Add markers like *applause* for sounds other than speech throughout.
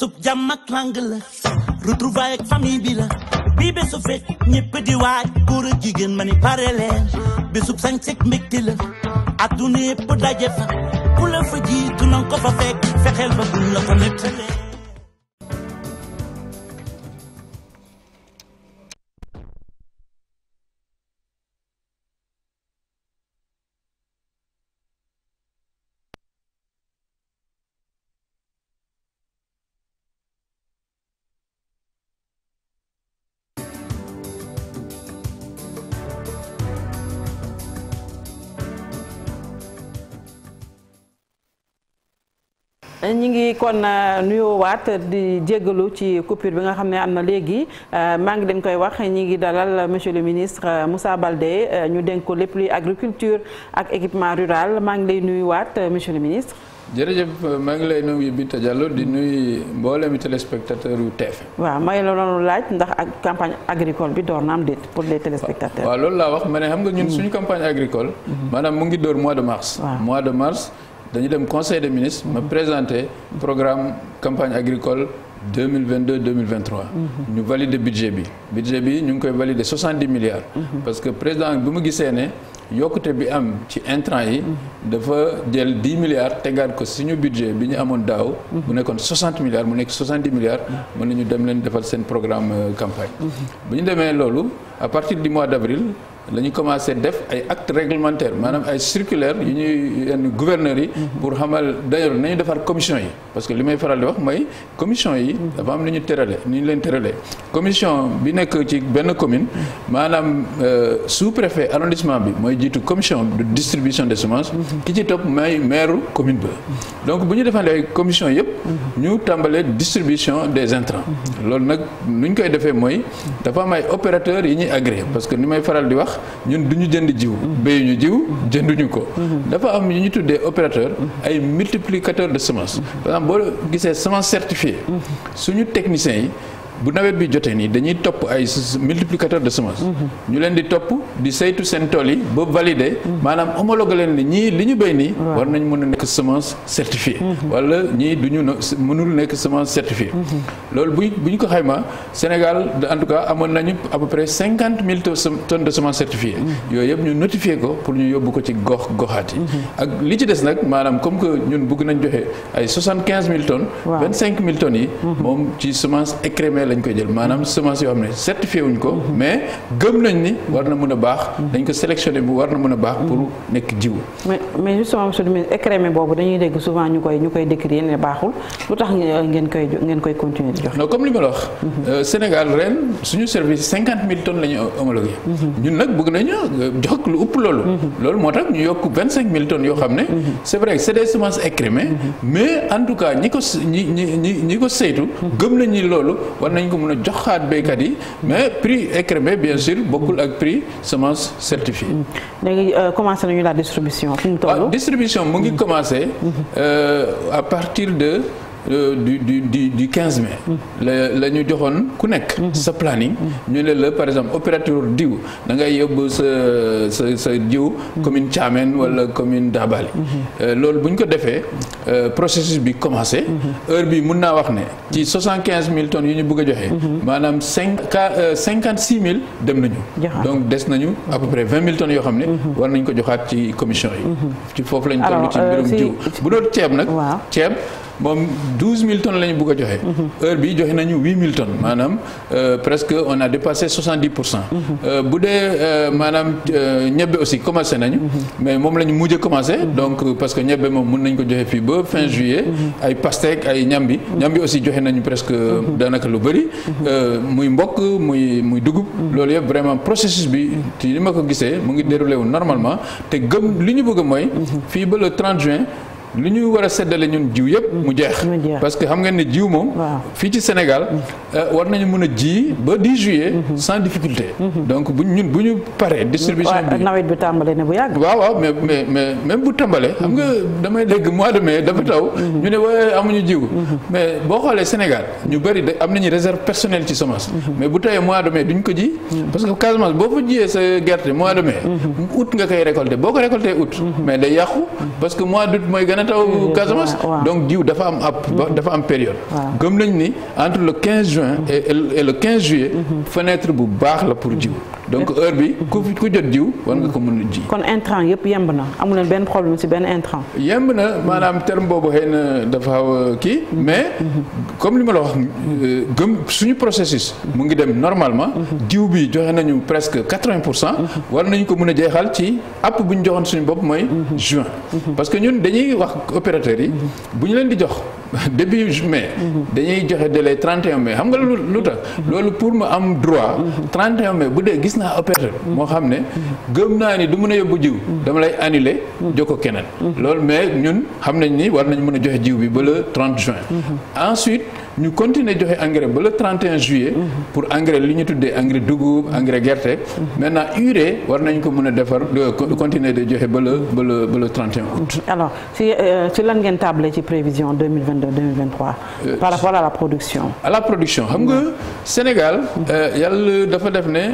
bésub jàmm ak lang la retrouvaille ak bi la bii bésu fekk ñëpp di waaj góor a jigéen ma ni pare leen bésub sañ sek mbégte daje fa ku la fa fa fekk fexeel ba duñ la ko nettalee ñi ngi kon euh, waat di jéggalu ci coupure bi nga xam ne am na léegi euh, maa ngi leen koy wax ñi ngi dalal monsieur le ministre euh, Moussa Baldé ñu dénk ko lépp luy agriculture ak équipement rural maa ngi lay nuyuwaat monsieur le ministre. jërëjëf maa ngi lay nuyu Binta Diallo di nuyu mboolemi téléspectateur yu TFM. waa may la doon laaj ndax ak campagne agricole bi door na am déet pour les téléspectateurs. waaw loolu laa wax ma ne xam nga ñun hmm. suñu campagne agricole. Hmm. maanaam mu ngi door mois de mars. mois de mars. dañu dem conseil des ministres ma présenté programme campagne agricole 2022 2023. Mhm. ñu valider budget bi. budget bi ñu ngi koy valider 70 milliards. Mhm. parce que président bi mu gisee ne yokkute bi am ci intrant yi. Mhm. dafa jël 10 milliards tegaat ko suñu budget bi ñu amoon daaw. mu nekkoon 60 milliards mu nekk 70 milliards. mën nañu dem leen defal seen programme euh, campagne. bu ñu demee loolu à partir du mois d' avril. la ñu commencé def ay actes réglementaires maanaam ay circulaires yu ñuy yenn gouverneurs yi. Mhm. pour xamal d'ailleurs nañu defar commission yi parce que li may faral di wax mooy commission yi. Mhm. dafa am lu ñu tëralee ni ñu leen tëralee. commission bi nekk ci benn commune mhm. maanaam euh, sous-préfet arrondissement bi mooy jiitu commission de distribution des semences. ki ci topp mooy maire commune ba. donc bu ñu defandee ay commission yëpp. ñu tàmbalee distribution des intrants. loolu nag nu koy defee mooy dafa am ay opérateurs yi ñuy agréé parce que ni may faral di wax. tax ñun du ñu jënd jiw béyuñu jiw jënduñu ko dafa am ñu ñu tuddee opérateur ay multiplicateur de semence par exemple boo gisee semence certifiée mm-hmm. suñu techniciens yi bu nawet bi jotee nii dañuy topp ay multiplicateur de semence. Mhm. ñu leen di topp di saytu seen tool yi ba valider. Mhm. maanaam homologué leen ni ñii li ñu béy nii. war nañ mën a nekk semence certifiée. Mhm. wala ñii du ñu mënul nekk semence certifiée. loolu bu bu ñu ko xayma Sénégal en tout cas amoon nañu à peu près cinquante mille tonnes de semence certifiée. yooy yëpp ñu notifié ko pour ñu yóbbu ko ci gox goxaat yi. ak li ci des nag maanaam comme que ñun bëgg nañ joxe ay soixante quinze mille tonnes. waaw vingt cinq mille yi. lañ koy jël maanaam semence yoo xam ne certifié wuñ ko mais gëm nañ ni war na mën a baax dañ ko sélectionné bu war na mën a baax pour nekk jiw mais mais justement monsieur ne mhm. euh, service cinquante mille tonnes la ñu mhm. ñun nag bëgg nañu euh, jox lu ëpp loolu mhm. loolu moo tax ñu yokk mille tonnes yoo xam ne c'est vrai c'est des semences écrémées mais en tout cas ñi ko saytu gëm nañ ni loolu war nañ ko mën a joxaat béykat yi mais prix écrémé bien sûr bokkul ak prix semence certifiée. léegi euh, commencé nañu la distribution. fi mu toll ah, distribution mu ngi commencé. Mhm. Euh, à partir de. Euh, du du du du 15 mai. Mm. la la ñu joxoon ku nekk. Mm-hmm. sa planning. Mm-hmm. ñu ne la par exemple opérateur diw da ngay yóbbu sa sa sa jiw. Mm-hmm. commune Thiamène wala commune Dabali. Euh, loolu bu ñu ko defee euh, processus bi commencé. heure bi mun naa wax ne ci mille tonnes yu ñu bëgg a joxe. maanaam cinq cinquante six mille dem nañu. donc des nañu à mille près yoo xam ne. war nañ ko joxaat ci commission yi. ci foofu lañ toll ci mbirum jiw bu doon ceeb nag ceeb. moom 12000 tonnes la ñu bëgg a joxe. heure bi joxe nañu 8000 tonnes maanaam euh, presque on a dépassé 70 pour cent. Euh, bu dee euh, maanaam ñebe aussi commencé nañu. mais moom la ñu mujj commencé. donc parce que ñebe moom mun nañ ko joxe fii ba fin juillet. ay pastèque ay ñambi. ñambi aussi joxe nañu presque daanaka lu bëri. muy mbokk muy muy dugub. loolu yëpp vraiment processus bi ci li ma ko gisee mu ngi déroulé wu normalement te gëm li ñu bëgg mooy. fii ba le 30 juin. li ñuy war a seddale ñun jiw yëpp mm. mu jeex parce que xam ngeen ne jiw moom fii ci Sénégal mm. euh, war nañu mën a ji ba 10 juillet mm-hmm. sans difficulté mm-hmm. donc bu ñun bu ñu paree distribution mm. bi mm-hmm. dafa taw ñu ne waaye amuñu jiw mais boo xoolee Sénégal ñu bëri de am nañu réserve personnelle ci semence mais bu tawee mois de mai duñ ko ji parce que Casamance boo fa jiyee sa gerte mois de mai août nga koy récolter boo ko récolter août mais day yàqu parce que mois d'août mooy benn taw Casamance donc jiw dafa am ab mm-hmm. dafa am période gëm nañ ni entre le 15 juin et le 15 juillet mm-hmm. fenêtre bu baax la pour jiw donc heure bi ku ku jot jiw war nga ko mun a ji. kon intrant yëpp yemb na amu leen benn problème si benn intrant. yemb na maanaam terme boobu xëy na dafa xaw kii mais comme li ma la wax euh, gëm suñu processus mu ngi dem normalement jiw bi joxe nañu presque quatre-vingts pour cent war nañu ko mun a jeexal ci app bu ñu joxoon suñu bopp mooy juin parce que ñun dañuy wax opérateurs yi bu ñu leen di jox *laughs* début mai dañuy joxe de délai 31 mais xam nga la lu tax loolu pour mu am droit 31 mai bu dee gis gis naa moo xam ne gëm naa ni du mën a yóbbu jiw dama lay annuler jox ko keneen loolu mais ñun xam nañ ni war nañ mën a joxe jiw bi ba le 30 juin mm-hmm. ensuite ñu continuer joxe engrais ba le 31 juillet. pour engrais li ñu tuddee engrais dugub engrais gerte. maintenant urée war nañ ko mun a defar continuer de joxe ba le ba le ba le 31 août. alors si si euh, lan ngeen tablé ci prévision 2022 2023. Euh, par rapport à la production. à la production xam nga Sénégal. Euh, yàlla dafa def ne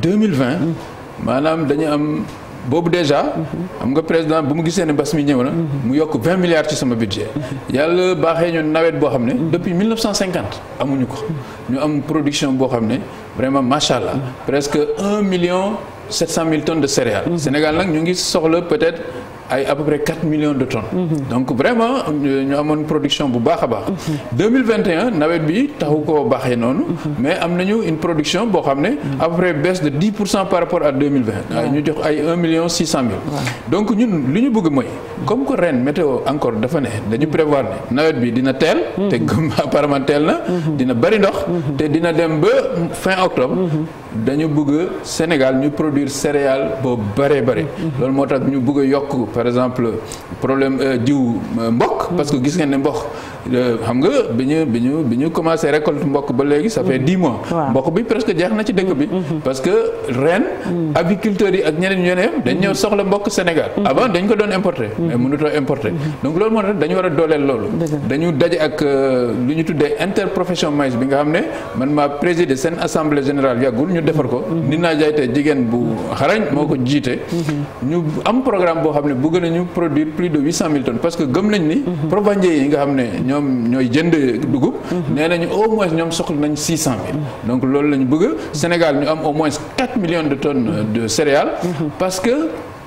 2020. Mm. maanaam dañu am. boobu déjà. am nga président bu mu gisee ne mbas mi ñëw na. mu yokk vingt milliards ci sama budget. yàlla baaxee ñu nawet boo xam ne. depuis mille neuf cent cinquante amuñu ko. ñu am production boo xam ne vraiment macha allah. presque un million sept cent mille tonnes de céréales. Mm-hmm. Sénégal nag ñu ngi soxla peut-être. ay à peu près 4 millions de tonnes. Mhm. donc vraiment ñu amoon production bu baax a baax. 2021 mhm. nawet bi taxu koo baaxee noonu. Mhm. mais am nañu une production boo xam ne. à peu près baisse de 10 pour cent par rapport à 2020. waaw ñu jox ay 1 million 600 mille. donc ñun li ñu bëgg mooy. comme que ren météo encore dafa ne dañu prévoir ne nawet bi dina teel. te *laughs* apparemment teel na. dina bari ndox. te dina dem ba fin octobre. dañu bëgg Sénégal ñu produire céréales boobu bëree bëri. loolu moo tax ñu bëgg a yokk par exemple problème euh, diw euh, mbokk parce que gis ngeen ni mbokk Euh, xam nga bi ñu bi ñu bi ñu commencé récolte mbokk ba léegi ça fait dix mois mbokk bi presque jeex na ci dëkk bi mm-hmm. parce que ren mm-hmm. aviculteurs yi ak ñeneen ñeneen dañ ñëw mm-hmm. soxla mbokk Sénégal avant dañ ko doon importer mais mënutoo importer donc loolu moo tax dañu war a dooleel loolu dañu daje ak euh, lu ñu tuddee interprofession maïs bi nga xam ne man maa présider seen assemblée générale yàggul ñu defar ko ni naa jaayte jigéen bu xarañ moo ko jiite ñu am programme boo xam ne bëgg nañu produire plus de huit cent mille que gëm nañ ni yi nga xam ne ñoom ñooy jënd dugub. Mhm. nee nañu au moins ñoom soxla nañ six cent mhm. donc loolu la ñu bëgg Sénégal ñu am au moins quatre millions de tonnes de céréales. Mhm. parce que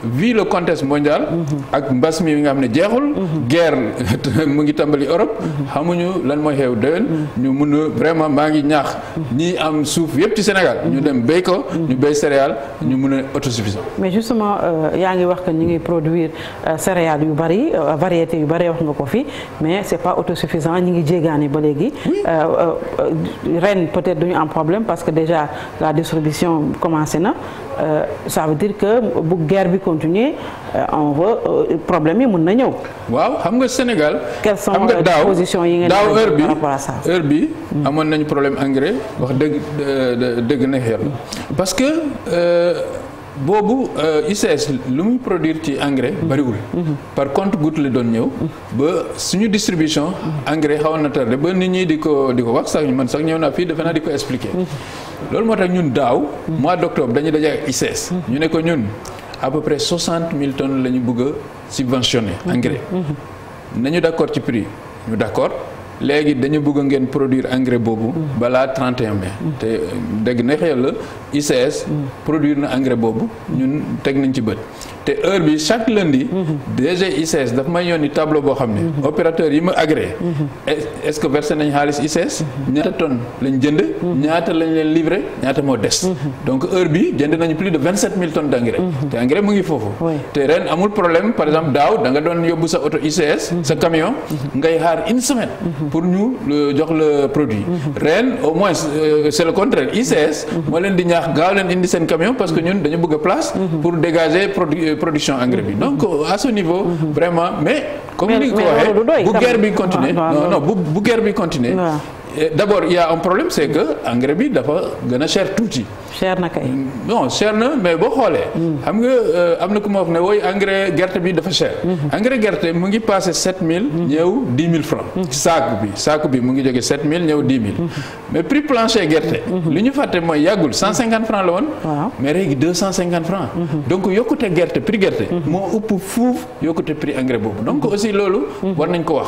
vu le contexte mondial. Mhm. ak mbas mi nga xam ne jeexul. Mhm. guerre *laughs* mu ngi tàmbali Europe. Mhm. xamuñu lan mooy xew déwén. ñu mun a vraiment maa ngi ñaax. ni am suuf yëpp ci Sénégal. ñu dem béy ko. ñu béy céréales ñu mun a autosuffisant. mais justement euh, yaa ngi wax que ñu ngi produire euh, céréales yu bari euh, variété yu bari wax nga ko fi mais c'est pas autosuffisant ñu ngi jéegaane ba léegi. ren peut-être duñu am problème parce que déjà la distribution commencé na ça veut continuer on euh, veut problème yi mën na ñëw. waaw xam nga Sénégal. xam nga daaw position yi ngeen daaw heure bi heure hmm. bi amoon nañu problème engrais wax dëgg euh, dëgg na yàlla parce que euh, boobu ICS lu muy produire ci engrais hmm. bariwul. Hmm. par contre goutte la doon ñëw. ba suñu distribution. engrais xawoon na tardé ba nit ñi di ko wax sax man sax ñëw naa fii defe naa di ko expliquer. loolu moo tax ñun daaw. mois d' octobre dañu daje ñu ne ko ñun. à peu près soixante mille tonnes la ñu bëgg a subventionné engrais. nañu d' accord ci prix ñu d' accord léegi dañu bëgg ngeen produire engrais boobu. balaa 31 mais te dégg na xel la ICS. produire na engrais boobu. ñun teg nañ ci bët. te heure bi chaque lundi. DG ICS daf may yónni tableau boo xam ne. opérateur yi ma agréé. est-ce que versé ñaata tonnes lañ jënd. ñaata lañ leen livré ñaata moo des. donc heure bi jënd nañu plus de vingt sept mille tonnes d'engrais. te engrais mu ngi foofu. te ren amul problème par exemple daaw da nga doon yóbbu sa auto ICS. sa camion ngay xaar une semaine. pour ñu jox le produit. ren au moins euh, c'est le contraire ICS. moo leen di ñaax gaaw leen indi seen camion a production engrais bi donc à ce niveau vraiment mais comme ni nga ko waxee ah, ah, bu guerre bi continuer non non bu guerre bi continuer d' abord il y a un problème c' que engrais bi dafa gën a cher tuuti. cher na kay. non cher na mais boo xoolee. Mm. xam nga euh, am na ku ma wax ne wooy engrais gerte bi dafa cher. Mm-hmm. engrais gerte mu ngi passé 7000. Mm-hmm. ñëw 10 000 francs. Mm-hmm. saako bi saako bi mu ngi jógee 7000 ñëw 10 000. mais prix plancher gerte. li ñu fàtte mooy yàggul 150 francs la woon. waaw mais léegi 250 francs. donc yokkute gerte prix gerte. moo ëpp fuuf yokkute prix engrais boobu donc aussi loolu. war nañ ko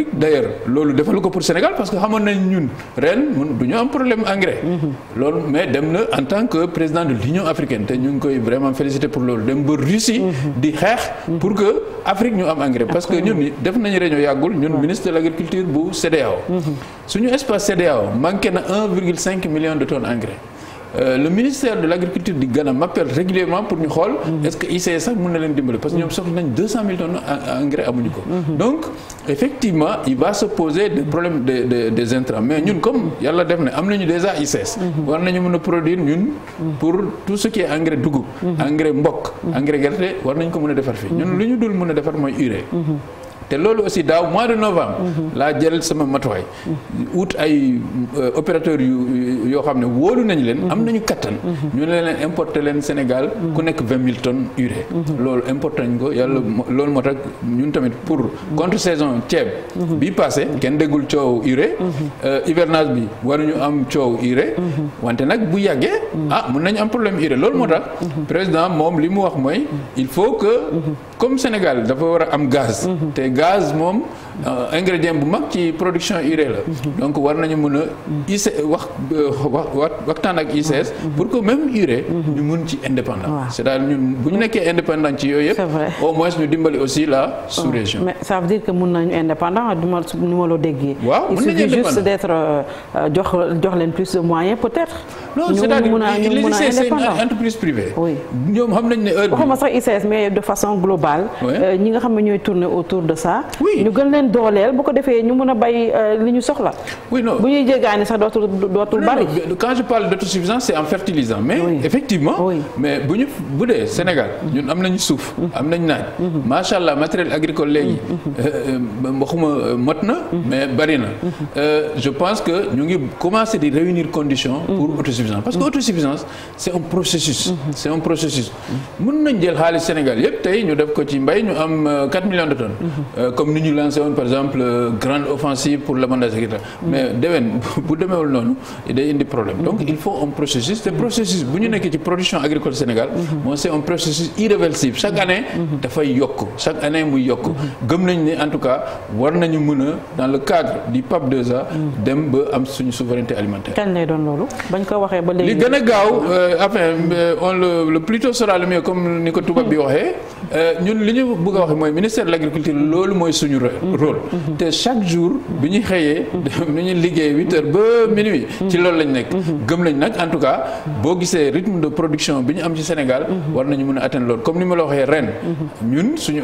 Afrique d'ailleurs loolu defalu ko pour Sénégal parce que xamoon nañ ñun ren mun du ñu am problème engrais. Mhm. loolu mais dem na en tant que président de l'Union africaine te ñu ngi koy vraiment féliciter pour loolu dem ba Russie. Mhm. di xeex pour que Afrique ñu am engrais. parce que ñun def nañu réunion yàggul ñun ministre de l'agriculture bu CEDEAO. Mhm. suñu espace CEDEAO manqué na million de tonnes engrais. Euh, le ministère de l' agriculture di Ghana m'appelle régulièrement pour ñu xool. Mhm. est ce que ICS sax mën na leen dimbale. parce que ñoom soxla nañ deux cent mille tonnes engrais amuñu ko. Mhm. donc effectivement il va se poser des problèmes de de des intrants mais ñun comme yàlla def na am nañu déjà ICS. Mhm. war nañu mën a produire ñun. pour tout ce qui est engrais dugub. engrais mbokk. engrais gerte war nañ ko mën a defar fii. ñun lu ñu dul mën a defar mooy urée. te loolu aussi daaw mois de novembre. Mhm. laa jël sama matuwaay. ut ay euh, opérateurs yu yoo xam ne wóolu nañu leen. Mhm. am nañu kattan. Mhm. ñu ne leen importer leen Sénégal. ku nekk vingt mille tonnes urée. loolu importer nañ ko yàlla loolu moo tax ñun tamit pour. contre saison ceeb. bi passé kenn déggul coow urée. Euh, hivernage bi waruñu am coow urée. wante nag bu yàggee. ah mun nañu am problème urée loolu moo tax. président moom li mu wax mooy il faut que. comme Sénégal dafa war a am gaz. Mhm. te gaz moom. Euh, ingrédient bu mag ci production urée la. donc war nañu mën a. ICS euh, wax wax waxtaan ak ICS. pour que même urée. ñu bu ñu nekkee indépendant ci yooyu yëpp. au moins ñu dimbali aussi la oh, sous-région. mais ça veut dire que mun nañu indépendant du ma déggee. waaw mun nañu indépendant d'être euh, jox jox leen plus de moyens peut-être. non c'est-à-dire l'ICS c'est une entreprise privée. oui ñoom xam nañ ne heure bii. waxuma sax ICS mais de façon globale. ñi nga ne ñooy tourner autour de leen dooleel bu ko defee ñu mën a bay euh, li ñu soxla. oui non bu ñuy jéggaani sax dootul dootul bari. quand je parle d'autosuffisance c'est en fertilisant. mais oui. effectivement. mais bu ñu bu dee Sénégal. ñun am nañu suuf. am nañu naaj. macha allah matériel agricole léegi. Euh, euh, waxuma mot na. mais bari na. je pense que ñu ngi commencer di réunir conditions. pour autosuffisance parce que autosuffisance c'est un processus. c'est un processus. mën nañ jël xaalis Sénégal yépp tey ñu def ko ci mbay ñu am 4 millions par exemple euh, grande offensive pour le mandat secrétaire mais mm. déwén *laughs* bu demeewul noonu day indi problème donc mm. il faut un processus te processus bu ñu nekkee ci production agricole Sénégal moom mm-hmm. c'est un processus irréversible chaque mm-hmm. année mm-hmm. dafay yokk chaque année muy yokk gëm nañ ne en tout cas war nañu mën a dans le cadre du PAP 2A mm. dem ba am suñu souveraineté alimentaire bañ ko waxee ba léegi li gën a gaaw euh, enfin euh, on le plus tôt sera le mieux a waxee rôle. te chaque jour bi ñu xëyee. *laughs* nu ñu liggéey huit ba minuit. ci loolu lañ nekk. gëm lañ nag en tout cas boo gisee rythme de production bi ñu am ci Sénégal. war nañu mën a atteindre loolu comme ni ma la waxee ren. ñun suñu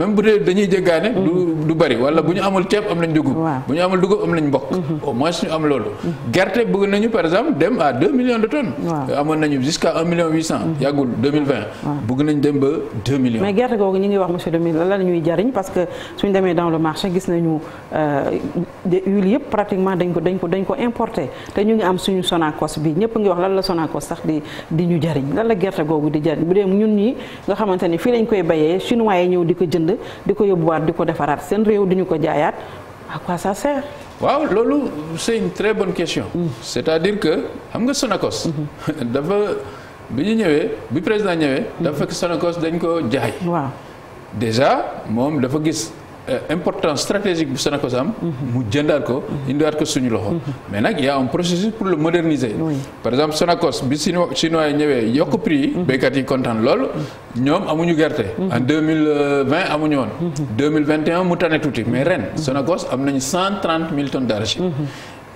mmh. dañuy jéggaane. Mmh. du bari wala bu ñu amul ceeb am nañ dugub. bu ñu amul dugub am nañ mbokk. Mmh. au moins ñu am loolu. gerte bëgg nañu par exemple dem à deux millions de tonnes. amoon nañu jusqu'à million yàggul deux mille dem ba 2 millions mais gerte googu ñu ngi wax monsieur le ministre lan la ñuy jariñ parce que suñ demee dans le marché gis nañu euh, huile yëpp pratiquement dañ ko dañ ko dañ ko importé te ñu ngi am suñu Sonacos bi ñëpp ngi wax lan la Sonacos sax di di ñu jariñ lan la gerte googu di jariñ bu dee ñun ñi nga xamante ni fii lañ koy bayee chinois yi ñëw di ko jënd di ko yóbbuwaat di ko defaraat seen réew di ko jaayaat à quoi sa sert waaw loolu c'est une très bonne question. Mm. c'est-à-dire que xam nga Sonacos. Mm-hmm. *laughs* dafa. bi ñu ñëwee bi président ñëwee. dafa fekk Sonacos dañ ko jaay. waaw déjà moom dafa gis. Euh, importance stratégique bu Sonacos am mhm. mu jëndaat ko mhm. indiwaat ko suñu loxo mhm. mais nag y a un processus pour le moderniser oui. par exemple Sonacos bi chinois chinois yi ñëwee yokk prix yi béykat yi kontaan lool ñoom amuñu gerte en 2020 amuñu woon 2021 mu tane tuuti mais ren Sonacos am nañu 130 000 tonnes d'arachide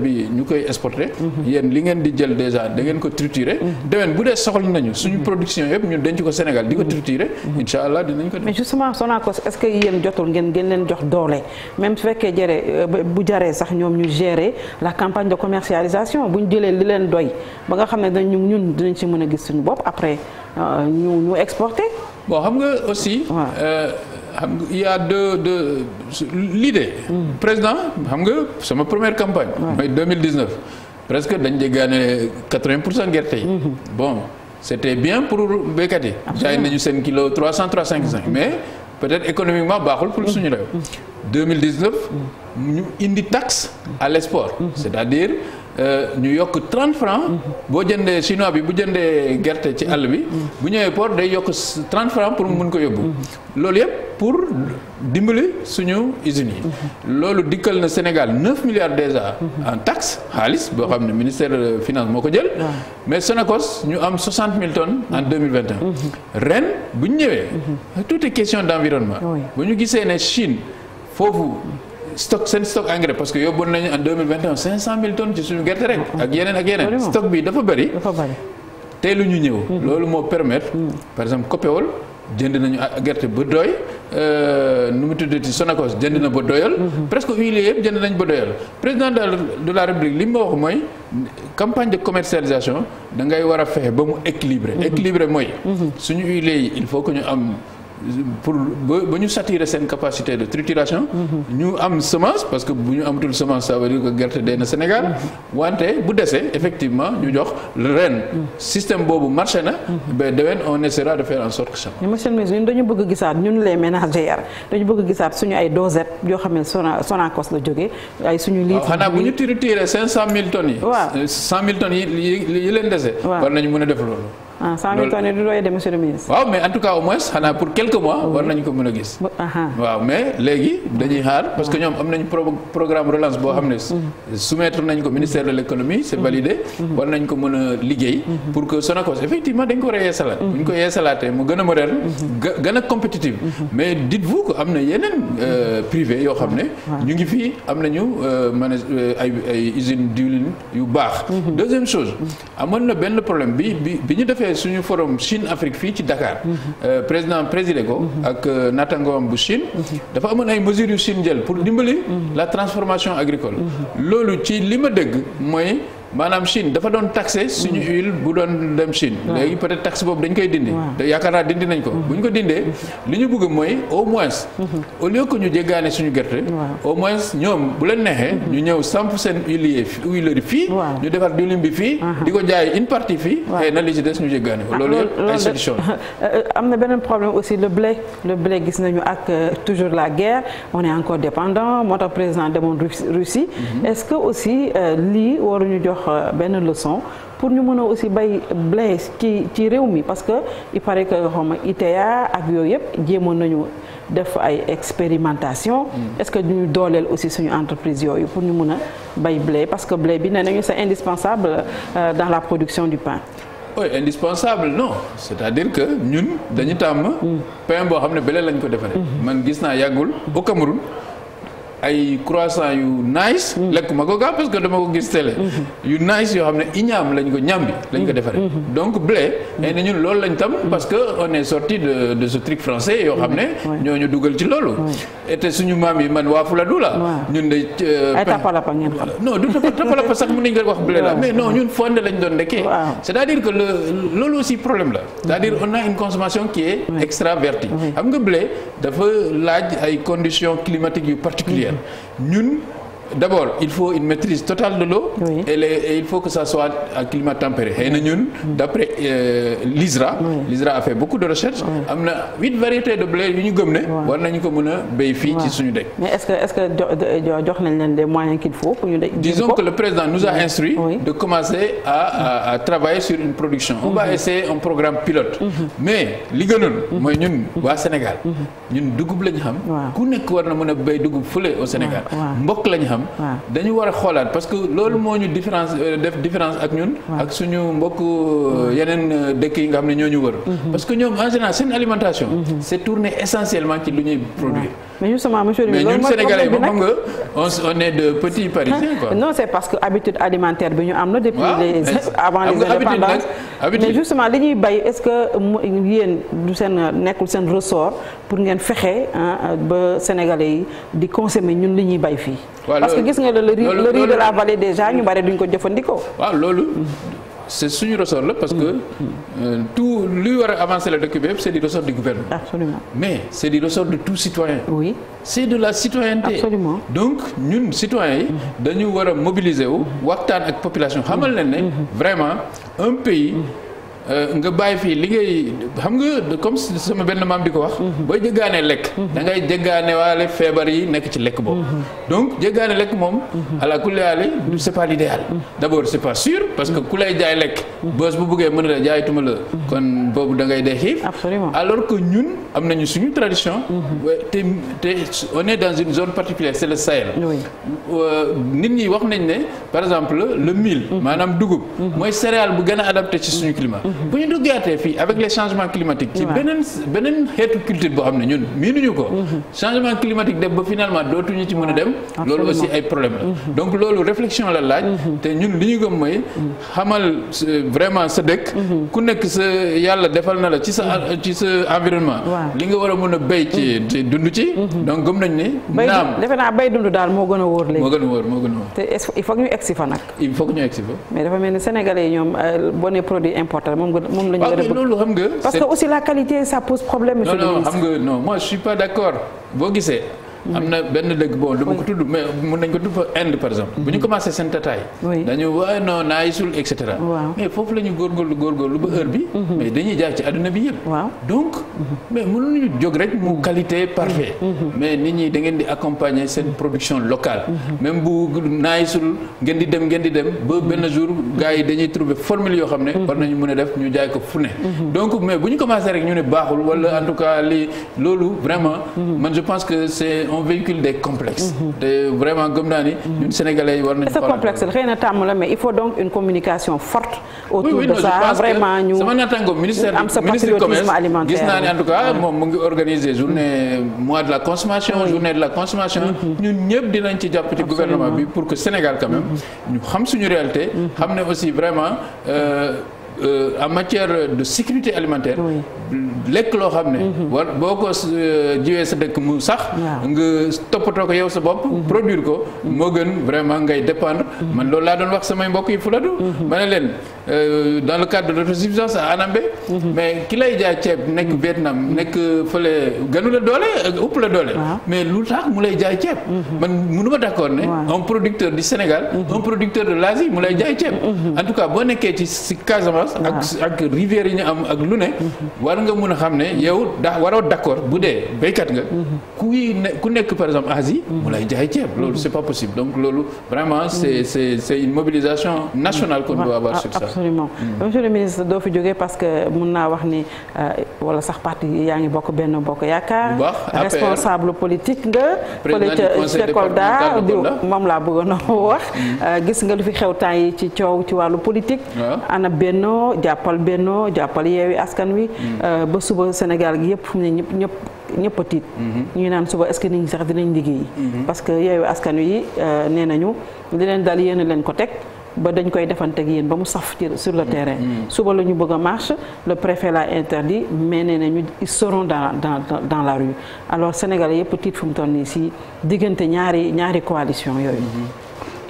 bi ñu koy exporter. yéen li ngeen di jël déjà da ngeen ko triturer. demeen bu dee soxla nañu suñu production yëpp ñu denc ko Sénégal di ko triturer. incha allah dinañ ko def. mais justement Sonacos est-ce que yéen jotul ngeen ngeen leen jox doole même su fekkee jëree bu jaree sax ñoom ñu gérer la campagne de commercialisation bu ñu jëlee li leen doy ba nga xam ne dañ ñun dinañ ci mën a gis suñu bopp après euh, ñu ñu exporter. bon xam nga aussi. Ouais. Euh, xam nga y' a deux deux l'idée hmm. président xam nga sama première campagne. mooy 2019 presque dañ jéggaane 80 pour cent gerte yi. Hmm. bon c' était bien pour béykat yi. jaay nañu seen kilo 300 355 hmm. mais peut-être économiquement baaxul pour suñu réew. 2019 ñu indi taxe à l'export c'est-à-dire euh, ñu yokk trente francs boo jëndee chinois bi bu jëndee gerte ci àll bi bu ñëwee port day yokk 30 francs pour mu mun ko yóbbu loolu yëpp pour dimbali suñu usines yi. loolu dikkal na Sénégal 9 milliards a en taxe xaalis boo xam ne ministère de finance moo ko jël. Ah. mais son Sonacos ñu am 60 mille ton en 2021. Mhm. ren bu ñu ñëwee. Mhm. tout est question d' environnement. bu ñu gisee ne Chine foofu. stock seen stock engrais parce que yóbboon nañu en 2021 500 000 tonnes ci suñu gerte rek. ak yeneen ak yeneen stock bi dafa bëri. dafa bëri teelu ñu ñëw. Mhm. loolu moo permettre. par exemple COPEOL jënd nañu gerte ba doy. Euh, nu mu tuddati Sonacos jënd na ba doyal. Mhm. presque huiliers yëpp jënd nañ ba doyal président de la république li mu wax mooy campagne de commercialisation da ngay war a fexe ba mu équilibré. Mhm. équilibré mooy. Mhm. suñu huiliers yi il faut que ñu am. pour ba ñu saturer seen capacité de trituration. ñu am semence parce que bu ñu amatul semence ça veut dire que gerte dee na Sénégal. wante bu desee effectivement ñu jox ren. système boobu marché na. ba déwén on essaiera de faire en sorte que ça. mais monsieur dañu bëgg gisaat ñun les ménagères dañu bëgg gisaat suñu ay dosettes yoo xam ne Sonacos la jógee ay suñu. litres waaw xanaa bu ñu triturer cinq cent mille tonnes yi. waaw cent mille tonnes yi yi leen dese. waaw war nañu Ah, waaw mais en tout cas au moins xanaa pour quelques mois war nañu ko mën a gis. Ah, ah. waaw mais léegi dañuy xaar parce que ñoom am nañu programme relance boo xam ne. Mm-hmm. soumettre nañ ko ministère de l' économie c' war nañ ko mën a liggéey. Mm-hmm. pour que Sonacos effectivement dañ ko war a yeesalaat. Mm-hmm. bu ñu ko yeesalaatee mu gën a moderne. compétitive. mais dites-vous que am na yeneen euh, privé yoo xam ne. ñu ngi fii am nañu euh, manag euh, ay ay diwlin yu baax. deuxième chose amoon defee suñu forum Chine Afrique fii ci Dakar. Euh, président présidé ko. ak euh, naataangoom bu Chine. dafa amoon ay mesures yu Chine jël pour dimbali. la transformation agricole. Mhm. loolu ci li dégg mooy. maanaam Chine dafa doon taxé suñu hmm. huile bu doon dem Chine. Hmm. léegi peut-être taxe boobu dañ koy dindi. Hmm. te yaakaar naa dindi nañ ko. bu ñu ko dindee li ñu bëgg mooy au moins. au lieu que ñu jéggaane suñu gerte. au moins ñoom bu leen neexee. ñu ñëw samp seen huilier huilerie fii. ñu defar diwlin bi fii. di ko jaay une partie fii. xëy na li ci des ñu jéggaane loolu ah, *laughs* euh, am na beneen problème aussi le blé le blé gis nañu ak euh, toujours la guerre on est encore dépendant moo tax président demoon Russie. est-ce que aussi euh, jox euh, benn leçon pour ñu mun a aussi bay blé ci réew mi parce que il paraît que xaw ma ITA ak yooyu yëpp jéemoon nañu def ay expérimentation mm. est-ce que duñu dooleel aussi suñu entreprise yooyu pour ñu mun a bay blé parce que blé bi nee nañu c'est indispensable euh, dans la production du pain oui indispensable non c'est-à-dire que ñun dañu tàmm mm. pain boo xam ne blé lañ ko defaree mm-hmm. man gis naa yàggul au Cameroun ay croissant yu nice mm. lekk ko gaa parce que dama ko gis télé mm-hmm. yu nice yoo xam ne iñaam lañ ko ñambi lañ ko mm-hmm. defaree mm-hmm. donc blé xëy na ñun loolu lañ tam parce que on est sorti de ce truc français yoo xam ne ñoo ñu dugal ci loolu te suñu maam yi man waa Fuladu la ñun de euh, ay tapalapa ngeen xam tapalapa sax mën nañ ko wax blé la mais non ñun fonde lañ doon ndekkee c'est-à-dire que le loolu aussi problème la c'est-à-dire on a une consommation qui est extravertie ay conditions climatiques yu particulières ñun d'abord il faut une maîtrise totale de l'eau oui. et, et, il faut que ça soit climat tempéré xëy na ñun mm. d'après euh, l'ISRA l'ISRA a fait beaucoup de recherches am na huit variétés de blé yu ñu gëm ne war nañu ko mën a béy fii ci suñu dëkk mais est-ce que jox nañ leen des moyens qu'il faut pour ñu disons que le président nous a instruit de commencer à, à, à travailler sur une production on va mm-hmm. essayer un programme pilote mm-hmm. mais li gënoon mm-hmm. mooy ñun waa Sénégal ñun dugub lañu xam ku nekk war a béy dugub fële au Sénégal mbokk lañu xam am dañu war a xoolaat parce que loolu moo ñu différence euh, def différence ak ñun ak suñu mbokk euh, yeneen euh, dëkk yi nga xam ne ñoo ñu wër mhm. parce que ñoom en seen alimentation mhm. c'est tourné essentiellement ci lu ñuy produit mais justement monsieur Louga loolu mooy problème bi nag mais ñun Sénégalais on est de petits parisiens quoi. non c' est parce que habitude alimentaire bi ñu am na. depuis les *laughs* avant les indépendances mais justement li ñuy bay est ce que mu yéen du seen nekkul seen ressort pour ngeen fexe ba sénégalais yi di consommer ñun li ñuy bay fii. parce que gis nga le riz le riz de la vallée déjà ñu bare duñ ko jëfandikoo. waaw loolu. c'est suñu ressort la parce que mm. euh, tout luy war a avancer le dëkk bi yëpp c'est du ressort du gouvernement. Absolument. mais c'est du ressort de tout citoyen. oui c'est de la citoyenneté. Absolument. donc ñun citoyens yi. Mm-hmm. dañu war a mobiliser wu. waxtaan ak population xamal leen ne. Mm-hmm. vraiment un pays. Mm-hmm. Euh, nga bàyyi fii li ngay xam nga comme sama benn maam di ko wax. Mhm. booy jëggaanee lekk. Mhm. da ngay jëggaane waale feebar yi nekk ci lekk boobu. Mhm. donc jëggaane lekk moom. ala kulli aale c'est pas l'idéal. d'abord c'est pas sûr parce que ku lay jaay lekk. bës bu buggee mën la jaaytuma la. kon boobu da ngay dee xiif. absolument alors que ñun am nañu suñu tradition. te te on est dans une zone particulière c'est le Sahel. Euh, nit ñi wax nañ ne par exemple le mille maanaam dugub. mooy céréale bu gën a adapté suñu climat. bu ñu duggaatee fii avec les changements climatiques. ci beneen beneen xeetu culture boo xam ne ñun miinuñu ko. Mhm. changement climatique def ba finalement dootuñu ci mën a dem. loolu aussi ay problème la mhm. donc loolu réflexion la laaj. Mhm. te ñun li ñu gëm mooy xamal sa dëkk. ku nekk sa yàlla defal na la ci sa ci sa environnement. li nga war a mën a béy ci ci dund ci. donc gëm nañ ne. naam defe naa béy dund daal moo gën a wóor léegi. moo gën a wóor moo a wóor. te il faut ñu egg fa nag. il moom nga moom la ñu. war a loolu xam nga. parce que aussi la qualité ça pose problème. monsieur le ministre non non xam nga non moi je suis pas d'accord boo gisee. am na benn dëkk bon du ma ko tudd mais mun nañ ko tudd par exemple. bu ñu mhm. commencé seen tataay. dañu waaye non naayisul et mais foofu la ñu góorgóorlu góorgóorlu ba heure bi. Mhm. dañuy jaay ci àdduna bi yëpp. donc mhm. mais mënuñu jóg rek mu qualité parfait mais nit ñi da di accompagner seen production locale. même bu naayisul ngeen di dem ngeen di dem ba benn jour gars yi dañuy trouver formule yoo xam ne. war nañu mën a def ñu jaay ko fu ne. donc mais bu on véhicule des complexes. Mhm. te vraiment gëm mhm. ñun sénégalais yi war nañu. sa il faut donc une communication forte. autour de ça vraiment ñu sama ministère ministre commerce gis naa ne en tout cas moom mu ngi organiser journée mhm. mois de la consommation journée de la consommation. ñun ñëpp dinañ ci jàpp ci gouvernement bi pour que Sénégal quand xam suñu réalité. xam ne aussi vraiment. Euh, Euh, en matière de sécurité alimentaire. lekk loo xam ne. Mhm. wala boo ko euh, jiwee sa dëkk mu sax. nga toppatoo ko yow sa bopp. Mhm. produire ko mhm. moo gën vraiment ngay dépendre. man loolu laa doon wax samay mbokk yi fuladu. ma ne leen euh, dans le cadre de l'autosuffisance à Anambé. mais ki lay jaay ceeb nekk Vietnam nekk fële gënu la doole ëpp la doole. mais lu tax mu lay jaay ceeb. man mënuma d'accord ne. un producteur du Sénégal. un producteur de l'Asie mu lay jaay ceeb. en tout cas boo nekkee ci différence ak ah. ak rivières yi ñu am ak lu ne war nga mun a xam ne yow da waroo d'accord bu dee béykat nga kuy ne ku nekk par exemple Asie mu lay jaay ceeb loolu c'est pas possible donc loolu vraiment c'est c'est mobilisation nationale qu'on doit avoir sur mm. doo fi jógee parce que mun naa wax ni euh, wala sax parti yaa ngi bokk benn bokk yaakaar responsable politique nga fële ca Kolda di moom laa bëggoon a *laughs* wax mm. euh, gis nga lu fi xew temps yi ci coow ci wàllu politique ana benn bennoo jàppal bennoo jàppal yeewi askan wi mm. euh, ba suba Sénégal gi yëpp fu ne ñëpp ñëpp ñëpp a tiit mm-hmm. ñuy naan suba est-ce que nit ñi sax dinañ liggéey mm-hmm. parce que yeewi askan wi euh, nee nañu li leen dal yéen leen ko teg ba dañ koy defanteeg yéen ba mu saf sur le mm-hmm. terrain. suba la ñu bëgg a marche le préfet l'a interdit mais nee nañu ils seront dans dans dans la rue alors sénégal yëpp tiit fu mu toll nii si diggante ñaari ñaari coalition yooyu.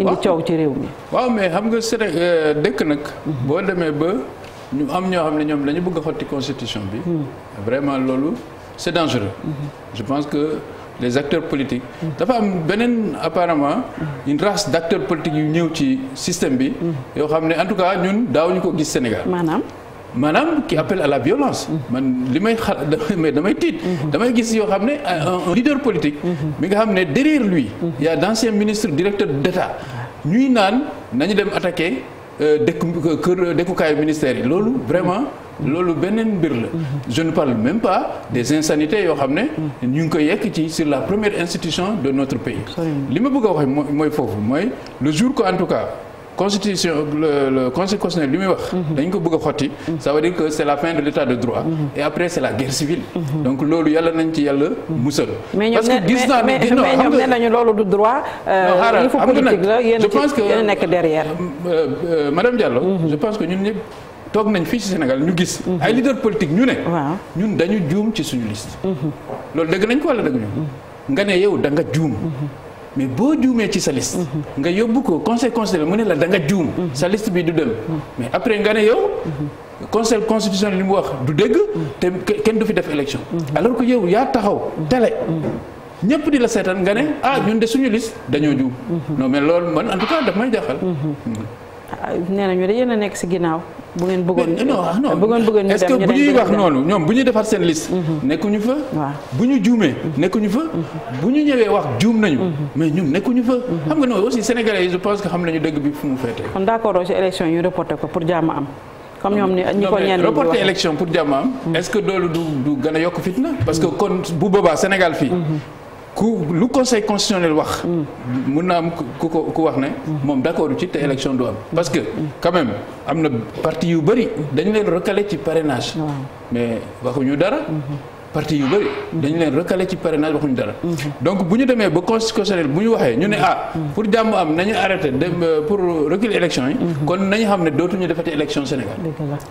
indi coow ci réew mi. waaw mais xam nga Séné euh, dëkk nag. boo demee ba ñu am ñoo xam ne ñoom dañu bëgg a xotti constitution bi. Hmm. vraiment loolu c'est dangereux. Hmm. je pense que les acteurs politiques. Hmm. dafa am beneen apparemment. une race d'acteurs politiques yu ñëw ci système bi. yoo xam ne en tout cas ñun daawuñu ko gis Sénégal. maanaam qui appelle à la violence. Mm-hmm. man li may xalaat damay *laughs* damay tiit. Mm-hmm. damay gis yoo xam ne euh, un leader politique. Mm-hmm. mi nga xam ne derrière lui. y a d'anciens ministres directeurs d'État ñuy naan nañu dem attaquer euh, dëkk kër dëkkukaayu ministère yi loolu vraiment. loolu beneen mbir la. je ne parle même pas des insanités yoo xam ne. ñu ngi ko yekk ci sur la première institution de notre pays. li ma bëgg a wax mooy foofu mooy le jour que en tout cas. constitution le, le conseil constitutionnel li muy wax. Mhm. dañ ko bëgg a xotti. Mhm. ça veut dire que c' la fin de l' de droit. Mhm. et après c' la guerre civile. donc loolu yàlla nañ ci yàlla musal. parce que gis ne nañu loolu du droit. Euh, non il faut politique la yéen a nekk derrière. Euh, euh, madame Diallo. je pense ñu gis. ay leader politique ñu ne. ñun dañu juum ci suñu liste. loolu dëgg nañ ko wala dëgg ñu. nga ne yow da juum. mais boo juumee ci sa liste. Mhm. nga yóbbu ko conseil constitutionnel mu ne la da nga juum. Mhm. sa liste bi du dem. Mhm. mais après nga ne yow. conseil constitutionnel li mu wax du dëgg. te kenn du fi def élection. alors que yow yaa taxaw dale ñëpp di la seetaan nga ne ah ñun de suñu liste dañoo juum. non mais loolu man en tout cas daf may jaaxal. Ah, nee nañu de yéen a nekk si ginnaaw. bu ngeen bëggoon non bëggoon est-ce que bu ñuy wax noonu bu ñuy defar seen liste. Mm-hmm. Mm-hmm. nekkuñu fa. waaw bu ñu juumee mm-hmm. nekkuñu fa. bu ñu ñëwee wax juum nañu. mais ñun nekkuñu fa. xam nga noonu aussi sénégalais yi je pense que xam nañu dëgg bi fu mu féete. kon d'accord ci élection yi ñu ko pour jàmm am. comme ñoom ni ñi ko reporter élection pour jàmm am. est-ce que loolu du du gën a yokk fitna. parce que kon bu boobaa Sénégal fii. ku lu conseil constitutionnel wax. Mm. mun naa am ku ko ku wax ne. Mm. moom d' accord ci te mm. élection du am. parce que quand même am na parti yu bëri dañu leen recalé ci parrainage. mais waxuñu dara. Mm-hmm. parti yu bëri mm-hmm. dañu leen recalé ci parrainage waxuñu dara. Mm-hmm. donc bu ñu demee ba conseil constitutionnel bu ñu waxee ñu ne ah. pour jàmm am nañu arrêté dem euh, pour reculer élection yi. kon nañu xam ne dootuñu defati élection Sénégal.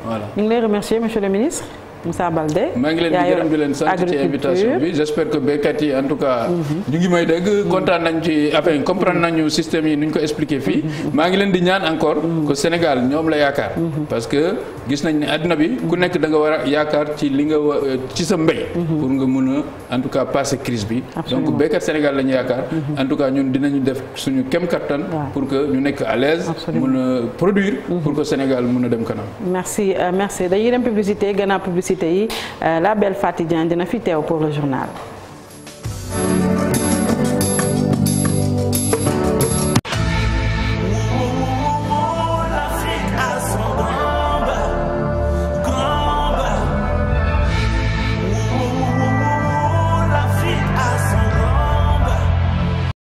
voilà ñu ngi remercier monsieur le ministre. Moussa Balde. maa ngi leen di gërëm di leen sant bi j'espère que béykat yi en tout cas. ñu ngi may dégg mm-hmm. kontaan nañ ci affaire comprendre nañu système yi nu ñu ko expliqué fii. Mm-hmm. maa ngi leen di ñaan encore. Mm-hmm. que Sénégal ñoom la yaakaar. parce que gis nañ ne àddina bi ku nekk da war a yaakaar ci li nga euh, ci sa mbéy. pour nga mun en tout cas passer crise bi. donc béykat Sénégal la ñu yaakaar. en tout cas ñun dinañu def suñu kem kattan. pour que ñu nekk à l'aise mun a produire. pour mun a dem cité yi euh, la belle Fatidiane dina fi teew pour le journal